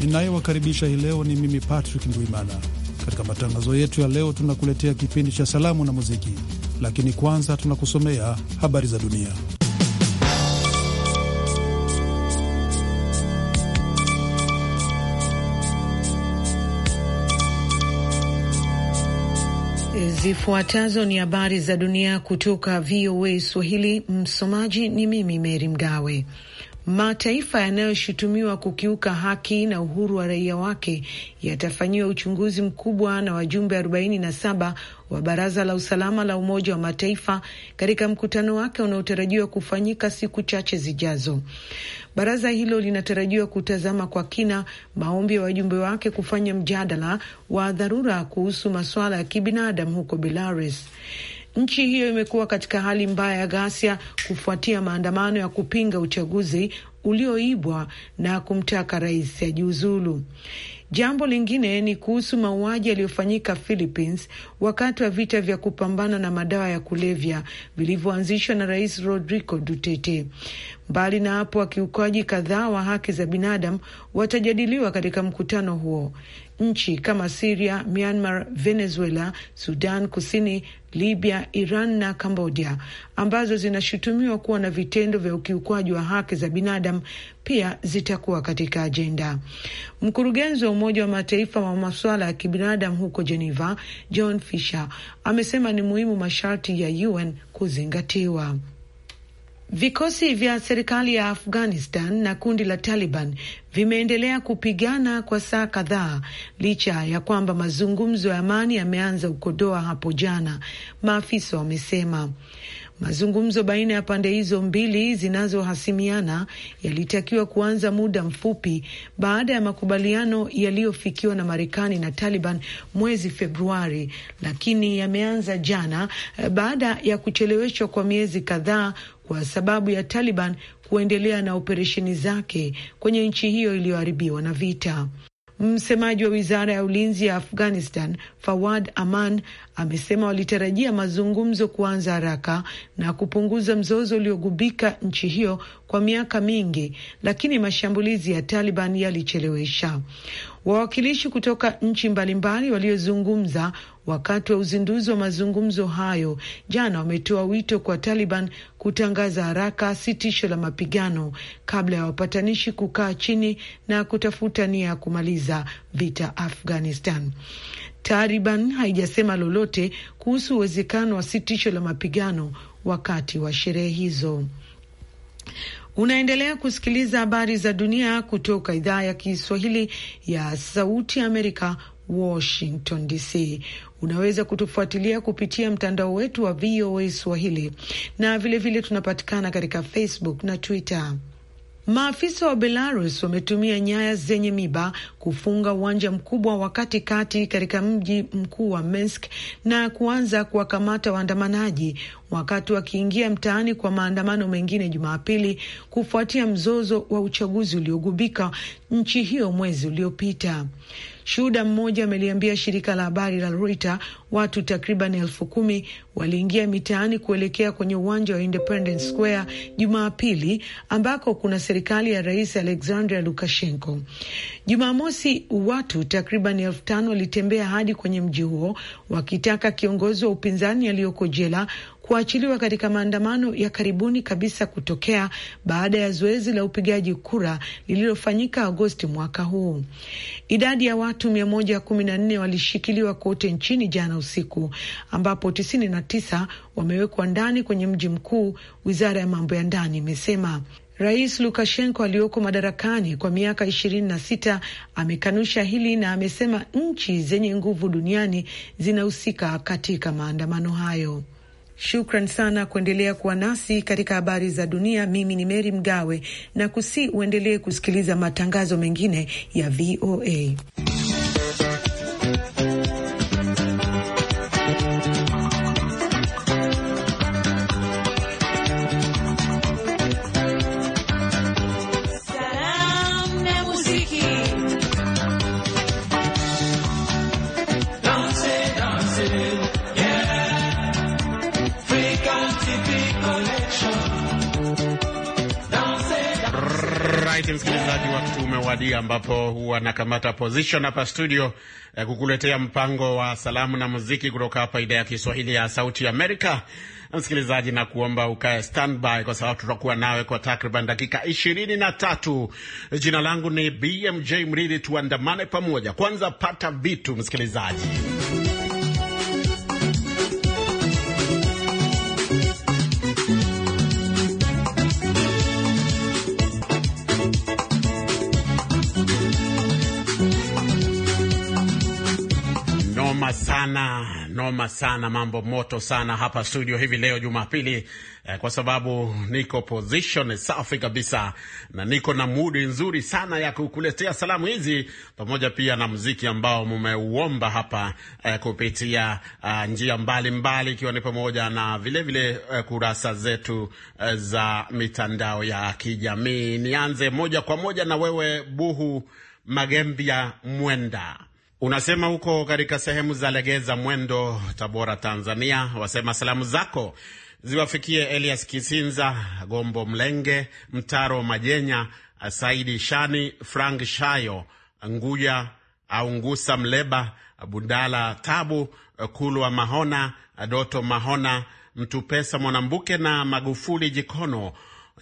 ninayewakaribisha hii leo ni mimi Patrick Ndwimana. Katika matangazo yetu ya leo, tunakuletea kipindi cha salamu na muziki, lakini kwanza tunakusomea habari za dunia. Zifuatazo ni habari za dunia kutoka VOA Swahili. Msomaji ni mimi mery Mgawe. Mataifa yanayoshutumiwa kukiuka haki na uhuru wa raia wake yatafanyiwa uchunguzi mkubwa na wajumbe 47 wa Baraza la Usalama la Umoja wa Mataifa katika mkutano wake unaotarajiwa kufanyika siku chache zijazo. Baraza hilo linatarajiwa kutazama kwa kina maombi ya wajumbe wake kufanya mjadala wa dharura kuhusu masuala ya kibinadamu huko Belarus. Nchi hiyo imekuwa katika hali mbaya ya ghasia kufuatia maandamano ya kupinga uchaguzi ulioibwa na kumtaka rais ajiuzulu. Jambo lingine ni kuhusu mauaji yaliyofanyika Philippines wakati wa vita vya kupambana na madawa ya kulevya vilivyoanzishwa na Rais Rodrigo Duterte. Mbali na hapo, wakiukaji kadhaa wa haki za binadamu watajadiliwa katika mkutano huo. Nchi kama Siria, Myanmar, Venezuela, Sudan Kusini Libya, Iran na Cambodia ambazo zinashutumiwa kuwa na vitendo vya ukiukwaji wa haki za binadamu pia zitakuwa katika ajenda. Mkurugenzi wa Umoja wa Mataifa wa masuala ya kibinadamu huko Geneva, John Fisher amesema ni muhimu masharti ya UN kuzingatiwa. Vikosi vya serikali ya Afghanistan na kundi la Taliban vimeendelea kupigana kwa saa kadhaa licha ya kwamba mazungumzo ya amani yameanza ukodoa Doha hapo jana, maafisa wamesema. Mazungumzo baina ya pande hizo mbili zinazohasimiana yalitakiwa kuanza muda mfupi baada ya makubaliano yaliyofikiwa na Marekani na Taliban mwezi Februari, lakini yameanza jana eh, baada ya kucheleweshwa kwa miezi kadhaa kwa sababu ya Taliban kuendelea na operesheni zake kwenye nchi hiyo iliyoharibiwa na vita. Msemaji wa wizara ya ulinzi ya Afghanistan Fawad Aman amesema walitarajia mazungumzo kuanza haraka na kupunguza mzozo uliogubika nchi hiyo kwa miaka mingi, lakini mashambulizi ya Taliban yalichelewesha. Wawakilishi kutoka nchi mbalimbali waliozungumza wakati wa uzinduzi wa mazungumzo hayo jana wametoa wito kwa Taliban kutangaza haraka sitisho la mapigano kabla ya wapatanishi kukaa chini na kutafuta nia ya kumaliza vita Afghanistan. Taliban haijasema lolote kuhusu uwezekano wa sitisho la mapigano wakati wa sherehe hizo. Unaendelea kusikiliza habari za dunia kutoka idhaa ya Kiswahili ya Sauti ya Amerika, Washington DC. Unaweza kutufuatilia kupitia mtandao wetu wa VOA Swahili na vilevile vile tunapatikana katika Facebook na Twitter. Maafisa wa Belarus wametumia nyaya zenye miba kufunga uwanja mkubwa wa katikati katika mji mkuu wa Minsk na kuanza kuwakamata waandamanaji wakati wakiingia mtaani kwa maandamano mengine Jumapili kufuatia mzozo wa uchaguzi uliogubika nchi hiyo mwezi uliopita. Shuhuda mmoja ameliambia shirika la habari la Reuters watu takriban elfu kumi waliingia mitaani kuelekea kwenye uwanja wa Independence Square Jumapili, ambako kuna serikali ya Rais Alexander Lukashenko. Jumamosi, watu takriban elfu tano walitembea hadi kwenye mji huo wakitaka kiongozi wa upinzani aliyoko jela kuachiliwa katika maandamano ya karibuni kabisa kutokea baada ya zoezi la upigaji kura lililofanyika Agosti mwaka huu. Idadi ya watu 114 walishikiliwa kote nchini jana usiku, ambapo 99 wamewekwa ndani kwenye mji mkuu, wizara ya mambo ya ndani imesema. Rais Lukashenko aliyoko madarakani kwa miaka ishirini na sita amekanusha hili na amesema nchi zenye nguvu duniani zinahusika katika maandamano hayo. Shukran sana kuendelea kuwa nasi katika habari za dunia. Mimi ni Meri Mgawe na kusi uendelee kusikiliza matangazo mengine ya VOA. umewadia, ambapo huwa nakamata position hapa studio eh, kukuletea mpango wa salamu na muziki kutoka hapa idhaa ya Kiswahili ya Sauti Amerika. Msikilizaji, na kuomba ukae standby kwa sababu tutakuwa nawe kwa takriban dakika ishirini na tatu. Jina langu ni BMJ Mridhi, tuandamane pamoja. Kwanza pata vitu, msikilizaji. sana, noma sana, mambo moto sana hapa studio hivi leo Jumapili eh, kwa sababu niko position safi kabisa na niko na mudi nzuri sana ya kukuletea salamu hizi pamoja pia na muziki ambao mmeuomba hapa eh, kupitia eh, njia mbalimbali ikiwa mbali, ni pamoja na vilevile vile, eh, kurasa zetu eh, za mitandao ya kijamii. Nianze moja kwa moja na wewe Buhu Magembia Mwenda Unasema huko katika sehemu za Legeza, Mwendo, Tabora, Tanzania, wasema salamu zako ziwafikie Elias Kisinza, Gombo Mlenge, Mtaro Majenya, Saidi Shani, Frank Shayo, Nguya au Ngusa Mleba, Bundala Tabu, Kulwa Mahona, Doto Mahona, Mtupesa Mwanambuke na Magufuli Jikono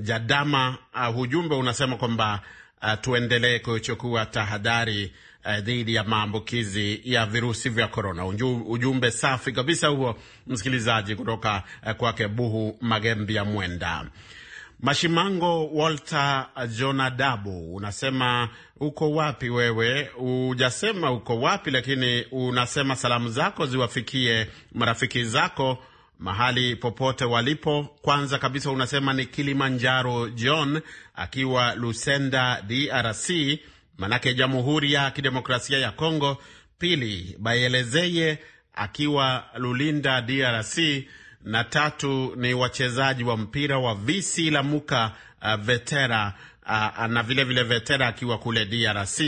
Jadama. Uh, unasema kwamba uh, tuendelee kuchukua tahadhari Eh, dhidi ya maambukizi ya virusi vya korona. Ujumbe safi kabisa huo, msikilizaji, kutoka eh, kwake Buhu Magembi ya Mwenda. Mashimango Walter Jonadabu, unasema uko wapi wewe? Hujasema uko wapi, lakini unasema salamu zako ziwafikie marafiki zako mahali popote walipo. Kwanza kabisa unasema ni Kilimanjaro John akiwa Lusenda, DRC Manake Jamhuri ya Kidemokrasia ya Kongo. Pili, Bayelezeye akiwa Lulinda, DRC, na tatu ni wachezaji wa mpira wa Visi Lamuka uh, Vetera uh, na vilevile vile Vetera akiwa kule DRC,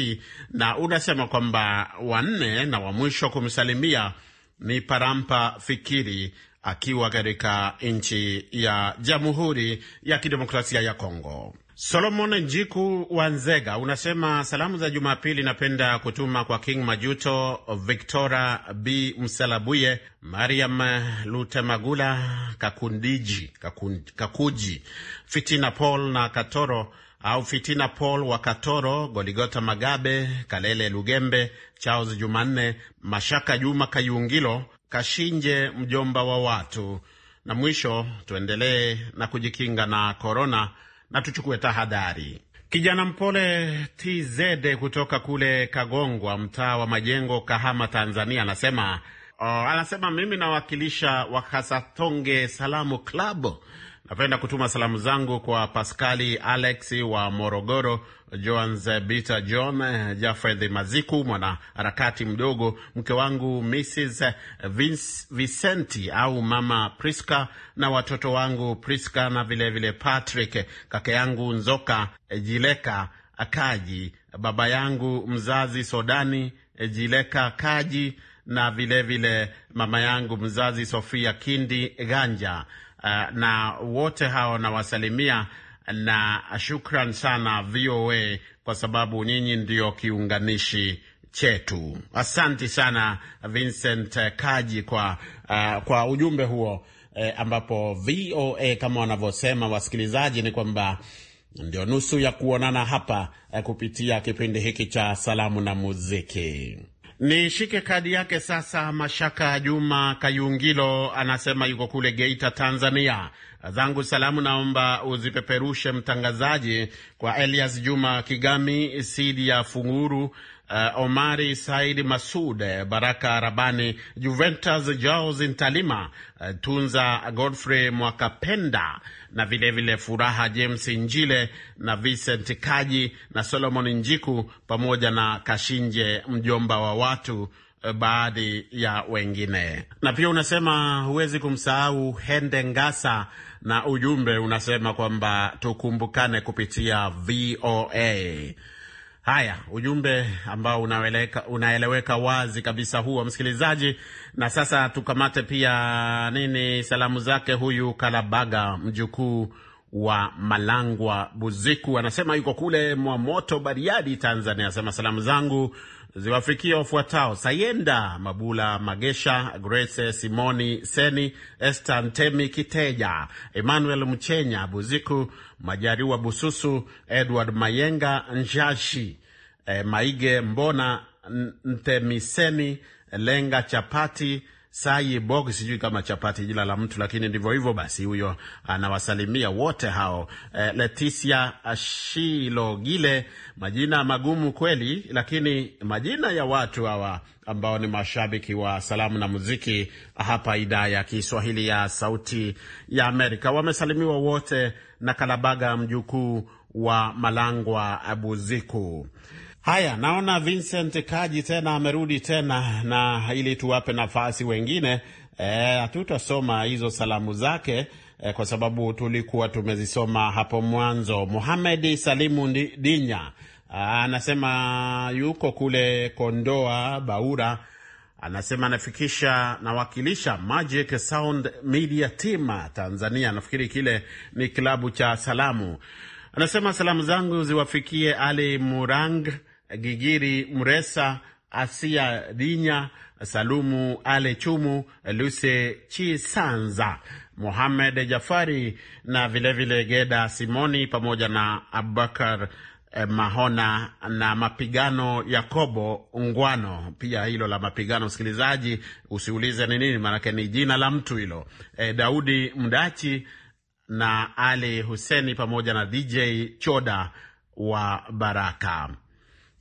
na unasema kwamba wanne na wa mwisho kumsalimia ni Parampa Fikiri akiwa katika nchi ya Jamhuri ya Kidemokrasia ya Kongo. Solomon Njiku wa Nzega unasema salamu za Jumapili napenda kutuma kwa King Majuto, Victora B Msalabuye, Mariam Lutemagula, Kakundiji Kakund, Kakuji, Fitina Paul na Katoro au Fitina Paul wa Katoro, Goligota Magabe, Kalele Lugembe, Charles Jumanne, Mashaka Juma Kayungilo, Kashinje mjomba wa watu. Na mwisho tuendelee na kujikinga na korona na tuchukue tahadhari. Kijana mpole TZ kutoka kule Kagongwa, mtaa wa Majengo, Kahama, Tanzania, anasema uh, anasema mimi nawakilisha Wakasatonge Salamu Club. Napenda kutuma salamu zangu kwa Paskali Alex wa Morogoro, Joans Bita John Jafeth Maziku, mwanaharakati mdogo, mke wangu Mrs Vince, Vicenti au mama Priska na watoto wangu Priska na vilevile vile Patrick, kake yangu Nzoka Jileka Kaji, baba yangu mzazi Sodani Jileka Kaji na vilevile vile mama yangu mzazi Sofia Kindi Ganja, na wote hao nawasalimia na shukran sana VOA kwa sababu nyinyi ndio kiunganishi chetu. Asanti sana Vincent Kaji kwa, uh, kwa ujumbe huo e, ambapo VOA kama wanavyosema wasikilizaji ni kwamba ndio nusu ya kuonana hapa eh, kupitia kipindi hiki cha salamu na muziki. Nishike kadi yake sasa. Mashaka Juma Kayungilo anasema yuko kule Geita, Tanzania zangu salamu naomba uzipeperushe mtangazaji kwa Elias Juma Kigami, Sidi ya Funguru, Uh, Omari Said Masud, Baraka Rabani, Juventus Jos Ntalima, uh, Tunza Godfrey Mwakapenda na vilevile vile Furaha James Njile na Vincent Kaji na Solomon Njiku pamoja na Kashinje mjomba wa watu uh, baadhi ya wengine. Na pia unasema huwezi kumsahau Hende Ngasa na ujumbe unasema kwamba tukumbukane kupitia VOA. Haya, ujumbe ambao unaeleweka, unaeleweka wazi kabisa huo, msikilizaji. Na sasa tukamate pia nini salamu zake huyu Kalabaga, mjukuu wa Malangwa Buziku, anasema yuko kule Mwamoto, Bariadi, Tanzania. asema salamu zangu ziwafikia wafuatao: Sayenda Mabula Magesha, Grace Simoni Seni, Esther Ntemi Kiteja, Emmanuel Mchenya Buziku, Majariwa Bususu, Edward Mayenga Njashi, eh, Maige Mbona Ntemiseni, Lenga Chapati Saibog, sijui kama chapati jina la mtu, lakini ndivyo hivyo. Basi huyo anawasalimia wote hao e, Leticia Shilogile, majina magumu kweli, lakini majina ya watu hawa ambao ni mashabiki wa salamu na muziki hapa idhaa ya Kiswahili ya Sauti ya Amerika wamesalimiwa wote na Kalabaga mjukuu wa Malangwa Abuziku. Haya, naona Vincent Kaji tena amerudi tena, na ili tuwape nafasi wengine, eh, hatutasoma hizo salamu zake e, kwa sababu tulikuwa tumezisoma hapo mwanzo. Muhamed Salimu Dinya ah, anasema yuko kule Kondoa Baura, anasema anafikisha nawakilisha Magic Sound Media Team Tanzania, nafikiri kile ni kilabu cha salamu. Anasema salamu zangu ziwafikie Ali Murang Gigiri Mresa, Asia Dinya, Salumu Ale Chumu, Luse Chisanza, muhamed Jafari na vilevile vile Geda Simoni pamoja na Abubakar eh, Mahona na mapigano Yakobo Ungwano. Pia hilo la mapigano, msikilizaji, usiulize ni nini, maanake ni jina la mtu hilo. E, Daudi Mdachi na Ali Huseni pamoja na DJ Choda wa Baraka.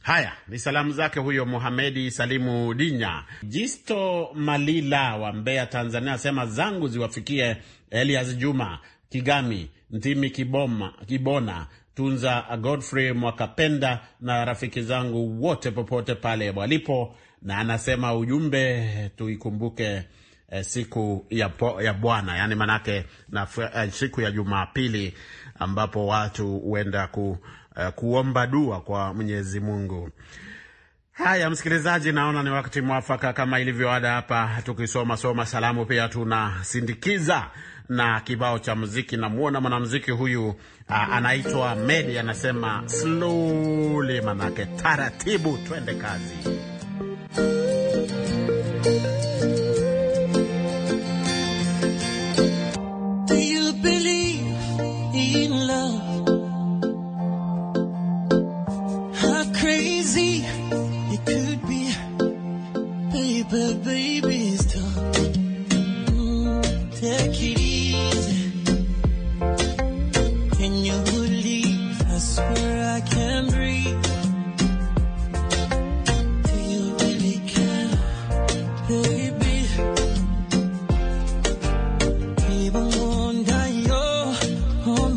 Haya ni salamu zake huyo Muhamedi Salimu Dinya. Jisto Malila wa Mbeya, Tanzania asema zangu ziwafikie Elias Juma Kigami, ntimi Kiboma, Kibona Tunza, Godfrey Mwakapenda na rafiki zangu wote popote pale walipo, na anasema ujumbe tuikumbuke eh, siku ya, ya Bwana yani manake na, eh, siku ya Jumapili ambapo watu huenda ku, eh, kuomba dua kwa Mwenyezi Mungu. Haya, msikilizaji, naona ni wakati mwafaka kama ilivyo ada hapa, tukisoma soma salamu pia tunasindikiza na kibao cha muziki. Namwona mwanamuziki huyu anaitwa Medi, anasema slowly, manake taratibu. Twende kazi.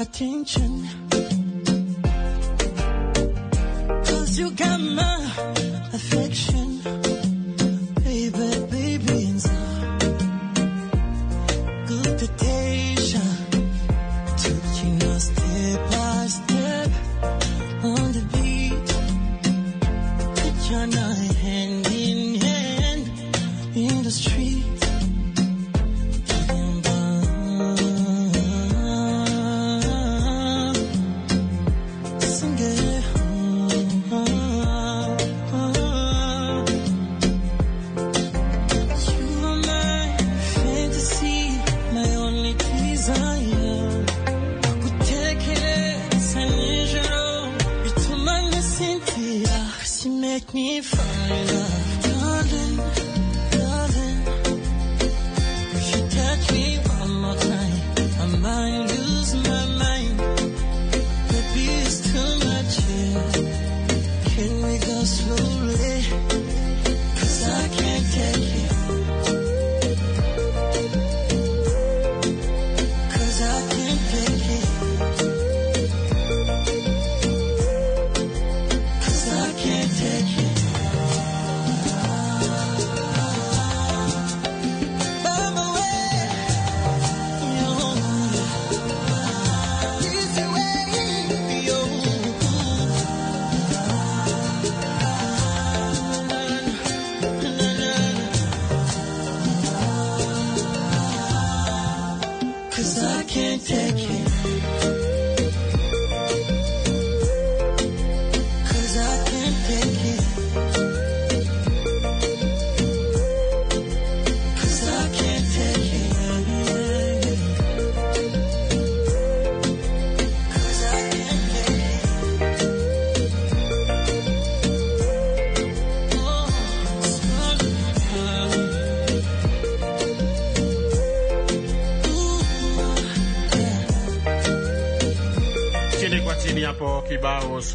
attention. Cause you got my affection.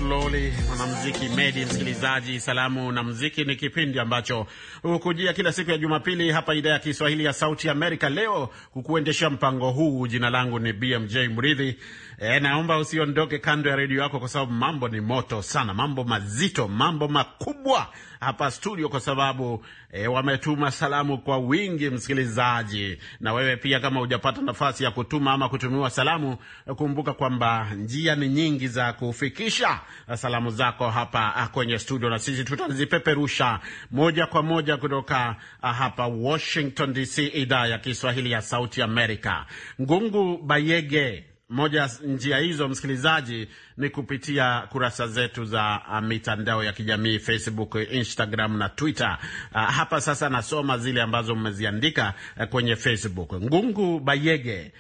Slowly, mwanamziki Medi. Msikilizaji, salamu na mziki ni kipindi ambacho hukujia kila siku ya Jumapili hapa idhaa ya Kiswahili ya Sauti Amerika. Leo kukuendesha mpango huu, jina langu ni BMJ Mridhi. E, naomba usiondoke kando ya redio yako, kwa sababu mambo ni moto sana, mambo mazito, mambo makubwa hapa studio, kwa sababu e, wametuma salamu kwa wingi, msikilizaji. Na wewe pia kama hujapata nafasi ya kutuma ama kutumiwa salamu, kumbuka kwamba njia ni nyingi za kufikisha salamu zako hapa kwenye studio, na sisi tutazipeperusha moja kwa moja moja kutoka ah, hapa Washington DC, idhaa ya Kiswahili ya Sauti Amerika. Ngungu Bayege, moja ya njia hizo msikilizaji ni kupitia kurasa zetu za ah, mitandao ya kijamii Facebook, Instagram na Twitter. Ah, hapa sasa nasoma zile ambazo mmeziandika eh, kwenye Facebook. Ngungu Bayege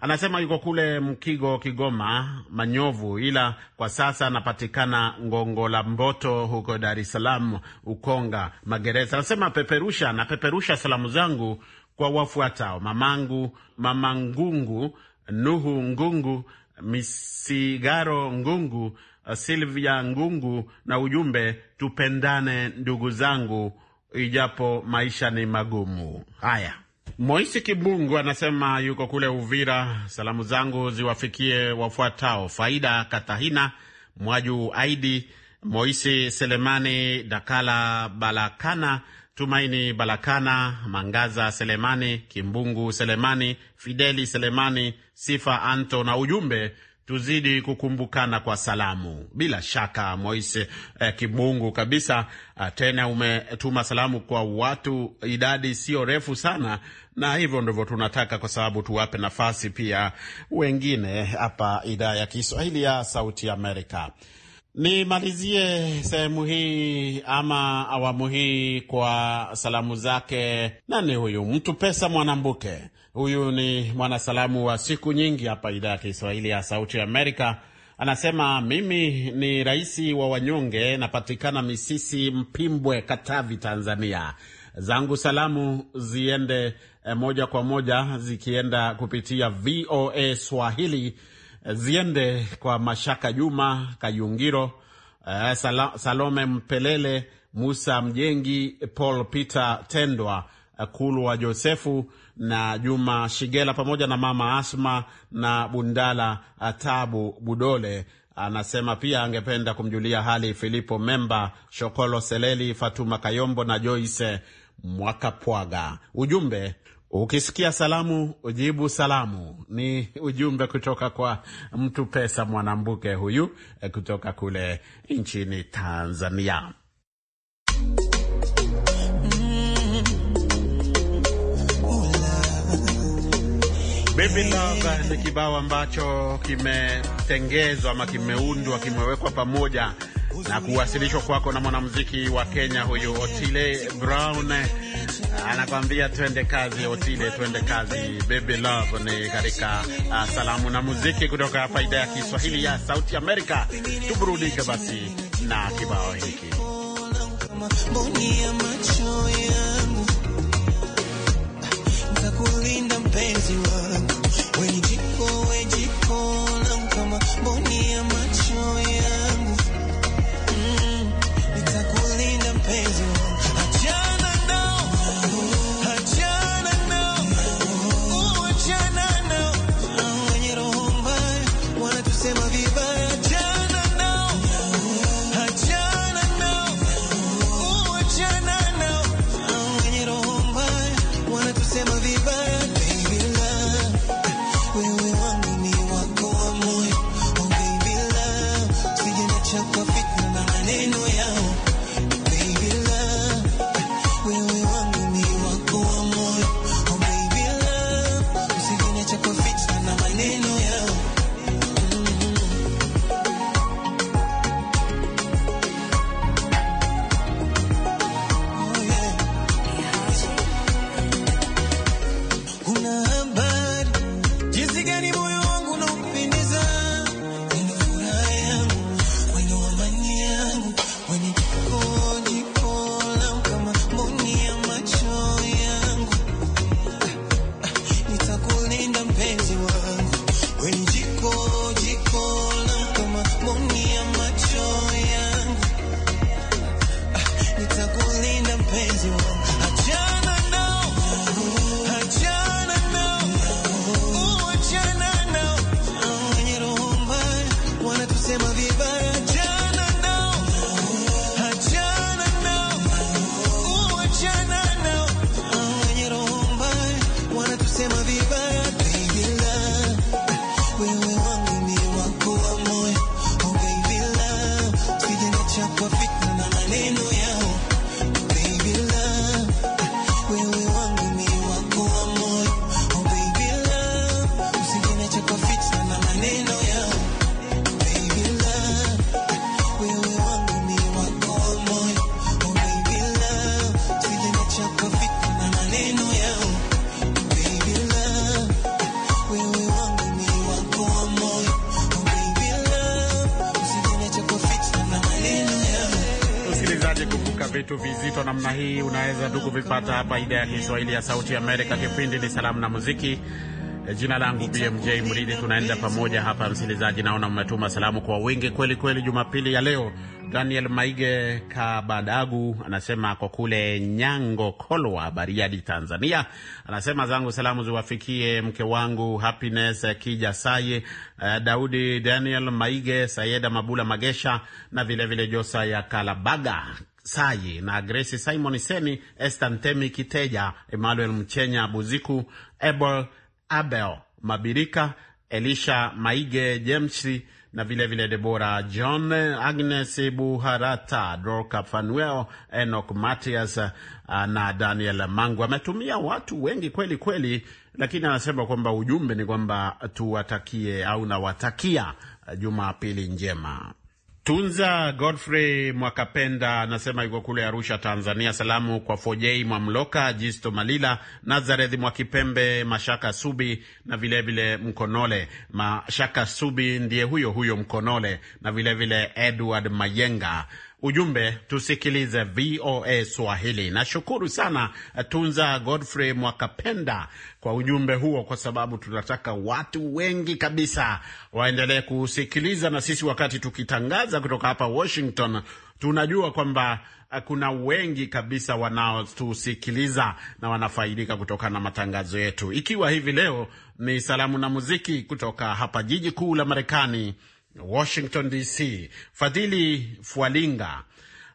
Anasema yuko kule Mkigo, Kigoma, Manyovu, ila kwa sasa anapatikana Ngongo la Mboto huko Dar es Salaam, Ukonga, magereza. Anasema peperusha na peperusha salamu zangu kwa wafuatao: mamangu, mama Ngungu, Nuhu Ngungu, Misigaro Ngungu, Silvia Ngungu, na ujumbe tupendane ndugu zangu, ijapo maisha ni magumu. Haya. Moisi Kibungu anasema yuko kule Uvira. Salamu zangu ziwafikie wafuatao: Faida Katahina, Mwaju Aidi, Moisi Selemani, Dakala Balakana, Tumaini Balakana, Mangaza Selemani, Kimbungu Selemani, Fideli Selemani, Sifa Anto, na ujumbe tuzidi kukumbukana kwa salamu. Bila shaka Moise eh, Kibungu kabisa. Eh, tena umetuma salamu kwa watu idadi sio refu sana, na hivyo ndivyo tunataka, kwa sababu tuwape nafasi pia wengine hapa idhaa ya Kiswahili ya Sauti Amerika. Nimalizie sehemu hii ama awamu hii kwa salamu zake. Nani huyu mtu pesa Mwanambuke? Huyu ni mwanasalamu wa siku nyingi hapa idhaa ya Kiswahili ya Sauti Amerika. Anasema mimi ni raisi wa wanyonge, napatikana Misisi Mpimbwe, Katavi, Tanzania. Zangu salamu ziende eh, moja kwa moja zikienda kupitia VOA Swahili ziende kwa Mashaka Juma Kayungiro, uh, Salome Mpelele, Musa Mjengi, Paul Peter Tendwa, eh, kulu wa Josefu na Juma Shigela pamoja na mama Asma na Bundala eh, Tabu Budole. Anasema pia angependa kumjulia hali Filipo Memba, Shokolo Seleli, Fatuma Kayombo na Joyce Mwakapwaga. Ujumbe Ukisikia salamu ujibu salamu, ni ujumbe kutoka kwa mtu pesa mwanambuke huyu eh, kutoka kule nchini Tanzania. Baby Love ni kibao ambacho kimetengezwa ama kimeundwa, kimewekwa pamoja na kuwasilishwa kwako na mwanamuziki wa Kenya huyu Otile Brown. Anakwambia twende kazi, Otile, twende kazi. Baby love ni katika uh, salamu na muziki kutoka hapa idhaa ya Kiswahili ya Sauti Amerika. Tuburudike basi na kibao hiki mboni ya macho kuvipata hapa idhaa ya Kiswahili ya Sauti ya Amerika. Kipindi ni Salamu na Muziki. Eh, jina langu BMJ Mridhi, tunaenda pamoja hapa msikilizaji. Naona mmetuma salamu kwa wingi kweli kweli jumapili ya leo. Daniel Maige Kabadagu anasema ako kule Nyango Kolwa, Bariadi, Tanzania. Anasema zangu salamu ziwafikie mke wangu Happiness Saye, uh, Daudi Daniel Maige, Sayeda Mabula Magesha na vilevile Josa ya Kalabaga Sayi na Grace Simon Seni, Esther Ntemi Kiteja, Emmanuel Mchenya Buziku, Ebel Abel Mabirika, Elisha Maige Jemsi na vilevile Debora John, Agnes Buharata, Dorka Fanuel, Enoch Matias uh, na Daniel Mangu. Ametumia watu wengi kweli kweli, lakini anasema kwamba ujumbe ni kwamba tuwatakie au nawatakia uh, Jumapili njema. Tunza Godfrey Mwakapenda anasema yuko kule Arusha, Tanzania. Salamu kwa Fojei Mwamloka, Jisto Malila, Nazareth Mwakipembe, Mashaka Subi na vilevile vile Mkonole. Mashaka Subi ndiye huyo huyo Mkonole na vilevile vile Edward Mayenga ujumbe tusikilize VOA Swahili. Nashukuru sana eh, Tunza Godfrey Mwakapenda kwa ujumbe huo, kwa sababu tunataka watu wengi kabisa waendelee kusikiliza, na sisi wakati tukitangaza kutoka hapa Washington tunajua kwamba eh, kuna wengi kabisa wanaotusikiliza na wanafaidika kutokana na matangazo yetu. Ikiwa hivi leo ni salamu na muziki kutoka hapa jiji kuu la Marekani, Washington DC. Fadhili fualinga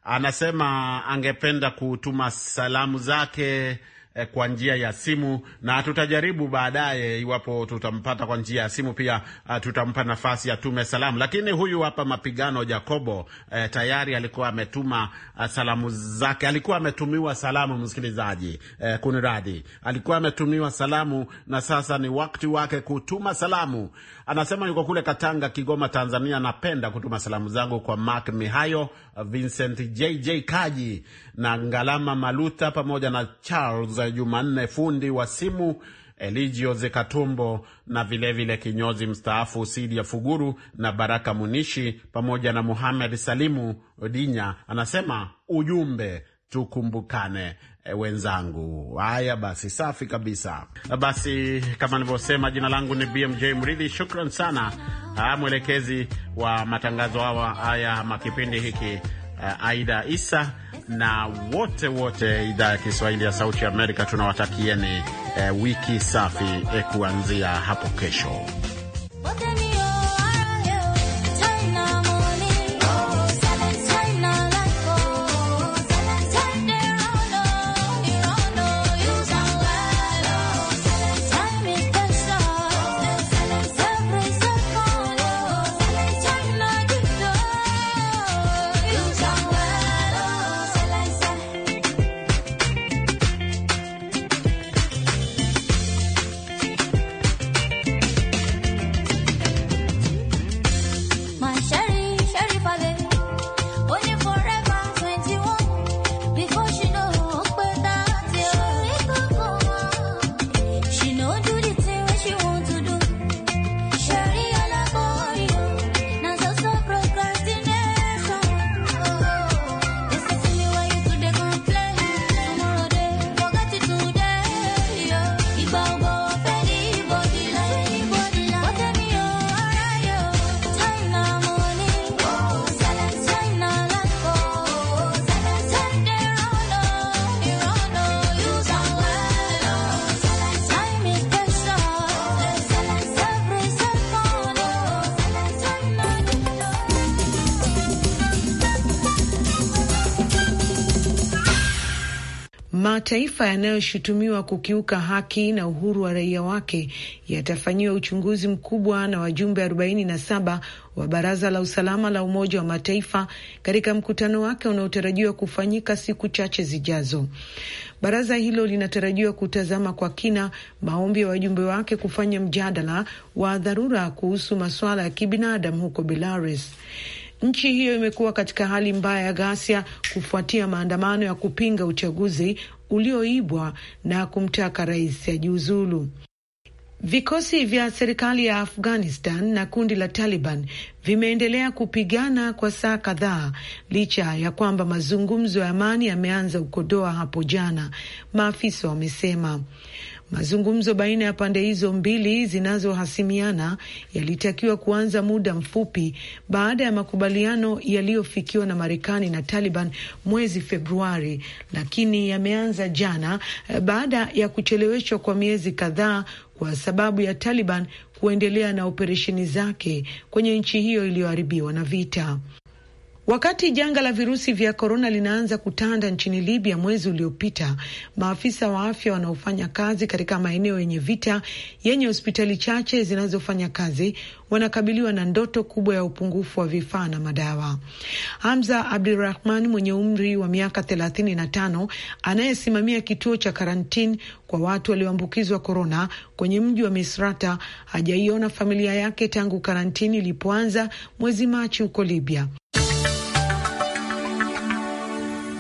anasema angependa kutuma salamu zake eh, kwa njia ya simu, na tutajaribu baadaye, iwapo tutampata kwa njia ya simu pia uh, tutampa nafasi ya tume salamu. Lakini huyu hapa Mapigano Jacobo eh, tayari alikuwa ametuma uh, salamu zake, alikuwa ametumiwa salamu msikilizaji, eh, kuniradhi, alikuwa ametumiwa salamu na sasa ni wakati wake kutuma salamu. Anasema yuko kule Katanga, Kigoma, Tanzania. Napenda kutuma salamu zangu kwa Mark Mihayo Uh, Vincent JJ Kaji na Ngalama Maluta pamoja na Charles Jumanne fundi wa simu Eligio Zekatumbo na vilevile vile kinyozi mstaafu sidi ya Fuguru na Baraka Munishi pamoja na Muhamed Salimu Odinya anasema ujumbe tukumbukane e, wenzangu. Haya basi, safi kabisa. Basi kama nilivyosema, jina langu ni BMJ Mridhi. Shukran sana ah, mwelekezi wa matangazo hawa haya makipindi hiki eh, Aida Isa na wote wote idhaa ya Kiswahili ya Sauti ya Amerika tunawatakieni eh, wiki safi eh, kuanzia hapo kesho. Mataifa yanayoshutumiwa kukiuka haki na uhuru wa raia wake yatafanyiwa uchunguzi mkubwa na wajumbe 47 wa Baraza la Usalama la Umoja wa Mataifa katika mkutano wake unaotarajiwa kufanyika siku chache zijazo. Baraza hilo linatarajiwa kutazama kwa kina maombi ya wajumbe wake kufanya mjadala wa dharura kuhusu masuala ya kibinadamu huko Belarus. Nchi hiyo imekuwa katika hali mbaya ya ghasia kufuatia maandamano ya kupinga uchaguzi ulioibwa na kumtaka rais ajiuzulu. Vikosi vya serikali ya Afghanistan na kundi la Taliban vimeendelea kupigana kwa saa kadhaa licha ya kwamba mazungumzo ya amani yameanza ukodoa hapo jana, maafisa wamesema. Mazungumzo baina ya pande hizo mbili zinazohasimiana yalitakiwa kuanza muda mfupi baada ya makubaliano yaliyofikiwa na Marekani na Taliban mwezi Februari, lakini yameanza jana eh, baada ya kucheleweshwa kwa miezi kadhaa kwa sababu ya Taliban kuendelea na operesheni zake kwenye nchi hiyo iliyoharibiwa na vita. Wakati janga la virusi vya korona linaanza kutanda nchini Libya mwezi uliopita, maafisa wa afya wanaofanya kazi katika maeneo yenye vita yenye hospitali chache zinazofanya kazi wanakabiliwa na ndoto kubwa ya upungufu wa vifaa na madawa. Hamza Abdurahman mwenye umri wa miaka thelathini na tano anayesimamia kituo cha karantini kwa watu walioambukizwa korona kwenye mji wa Misrata hajaiona familia yake tangu karantini ilipoanza mwezi Machi huko Libya.